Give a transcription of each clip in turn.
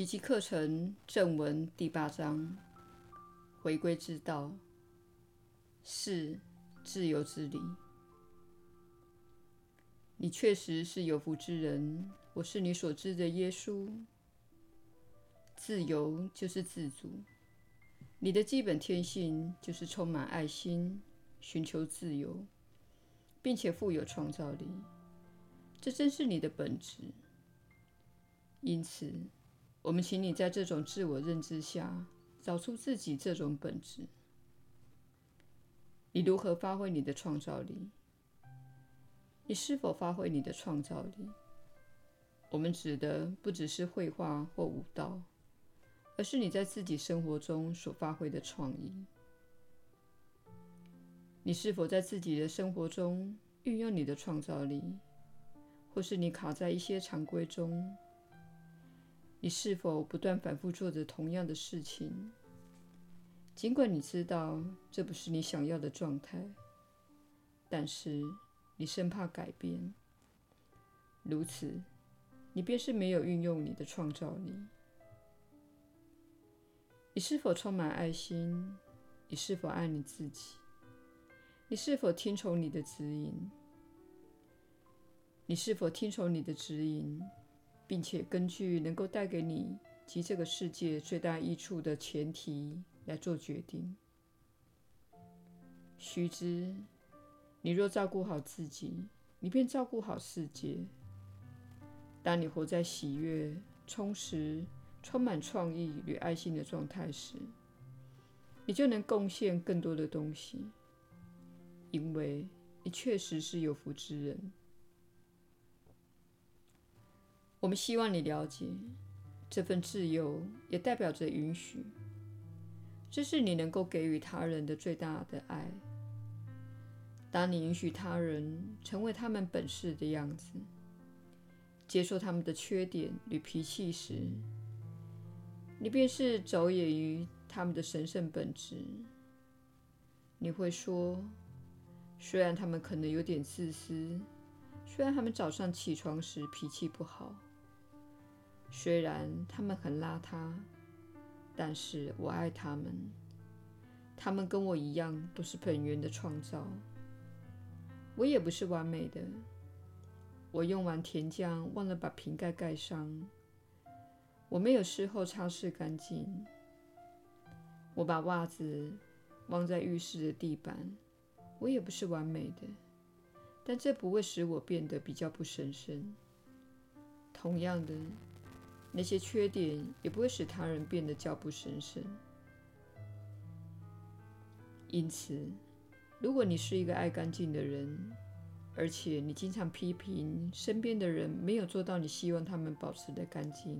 奇蹟課程正文第八章：回歸之道肆、自由之禮。你確實是有福之人，我是你所知的耶穌。自由就是自主。你的基本天性就是充滿愛心，尋求自由，並且富有創造力。這正是你的本質。因此。我們請你在這種自我認知下，找出自己這種本質。你如何發揮你的創造力？你是否發揮你的創造力？我們指的不只是繪畫或舞蹈，而是你在自己生活中所發揮的創意。你是否在自己的生活中運用你的創造力？或是你卡在一些常規中？你是否不斷反覆做着同樣的事情？儘管你知道這不是你想要的狀態，但是你深怕改變。如此，你便是沒有運用你的創造力。你是否充滿愛心？你是否愛你自己？你是否聽從你的指引？你是否聽從你的指引？並且根據能夠帶給你及這個世界最大益處的前提來做決定。須知，你若照顧好自己，你便照顧好世界。當你活在喜悅、充實、充滿創意與愛心的狀態時，你就能貢獻更多的東西，因為你確實是有福之人。我們希望你了解，這份自由也代表着允許。這是你能夠給予他人的最大的愛。當你允許他人成為他們本是的樣子，接受他們的缺點與脾氣時，你便是著眼於他們的神聖本質。你會說，雖然他們可能有點自私，雖然他們早上起床時脾氣不好。雖然他們很邋遢，但是我愛他們。他們跟我一樣，都是本源的創造。我也不是完美的。我用完甜醬忘了把瓶蓋蓋上，我沒有事後擦拭乾淨。我把襪子忘在浴室的地板。我也不是完美的，但這不會使我變得比較不神聖。同樣的。那些缺點也不會使他人變得較不神聖。因此，如果你是一個愛乾淨的人，而且你經常批評身邊的人沒有做到你希望他們保持的乾淨，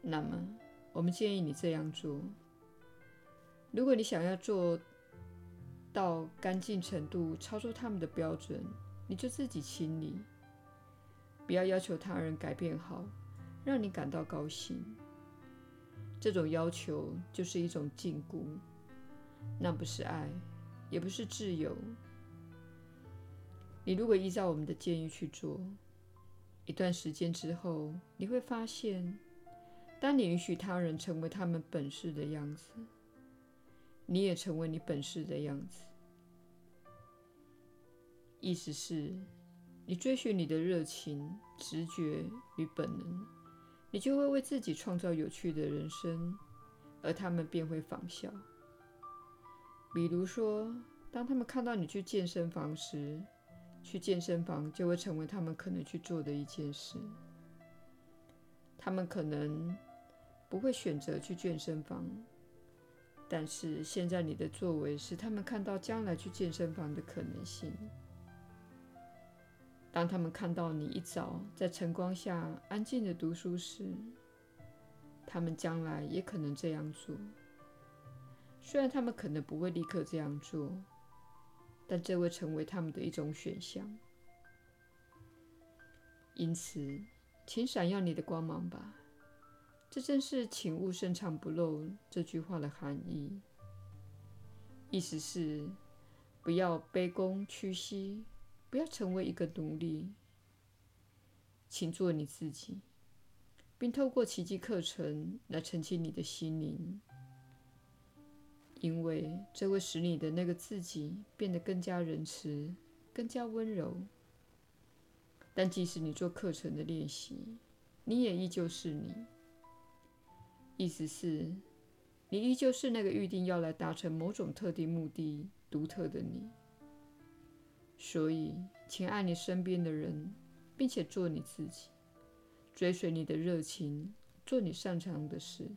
那麼我們建議你這樣做：如果你想要做到乾淨程度超出他們的標準，你就自己清理，不要要求他人改變好。讓你感到高興，這種要求就是一種禁錮，那不是愛，也不是自由。你如果依照我們的建議去做，一段時間之後，你會發現，當你允許他人成為他們本是的樣子，你也成為你本是的樣子。意思是，你追尋你的熱情、直覺與本能。你就會為自己創造有趣的人生，而他們便會仿效。比如說，當他們看到你去健身房時，去健身房就會成為他們可能去做的一件事。他們可能不會選擇去健身房，但是現在你的作為使他們看到將來去健身房的可能性。當他們看到你一早在晨光下安靜地讀書時，他們將來也可能這樣做。雖然他們可能不會立刻這樣做，但這會成為他們的一種選項。因此，請閃耀你的光芒吧。這正是“請勿深藏不露”這句話的含義。意思是不要卑躬屈膝。不要成為一個奴隸，請做你自己，並透過奇蹟課程來澄清你的心靈，因為這會使你的那個自己變得更加仁慈、更加溫柔。但即使你做課程的練習，你也依舊是你。意思是，你依舊是那個預定要來達成某種特定目的、獨特的你。所以，請愛你身邊的人，並且做你自己，追隨你的熱情，做你擅長的事。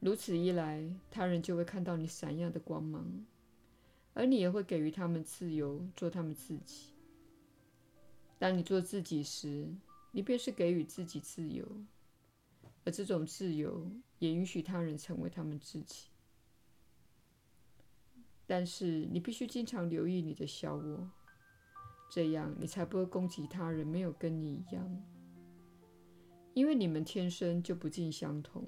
如此一來，他人就會看到你閃耀的光芒，而你也會給予他們自由，做他們自己。當你做自己時，你便是給予自己自由，而這種自由也允許他人成為他們自己。但是你必須經常留意你的小我，這樣你才不會攻擊他人沒有跟你一樣，因為你們天生就不盡相同。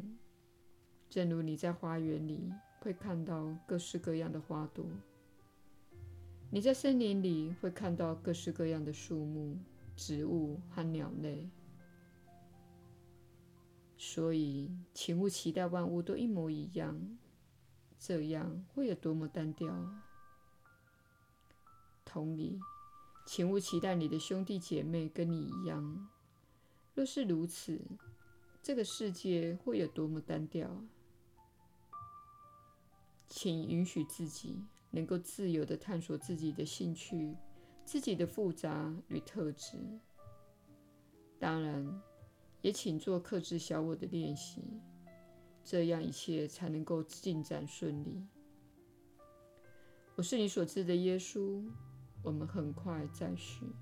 正如你在花園裡會看到各式各樣的花朵，你在森林裡會看到各式各樣的樹木、植物和鳥類。所以，請勿期待萬物都一模一樣。這樣會有多麼單調？同理，請勿期待你的兄弟姐妹跟你一樣。若是如此，這個世界會有多麼單調？請允許自己能夠自由地探索自己的興趣、自己的複雜與特質。當然，也請做克制小我的練習。這樣一切才能夠進展順利。我是你所知的耶穌，我們很快再敘。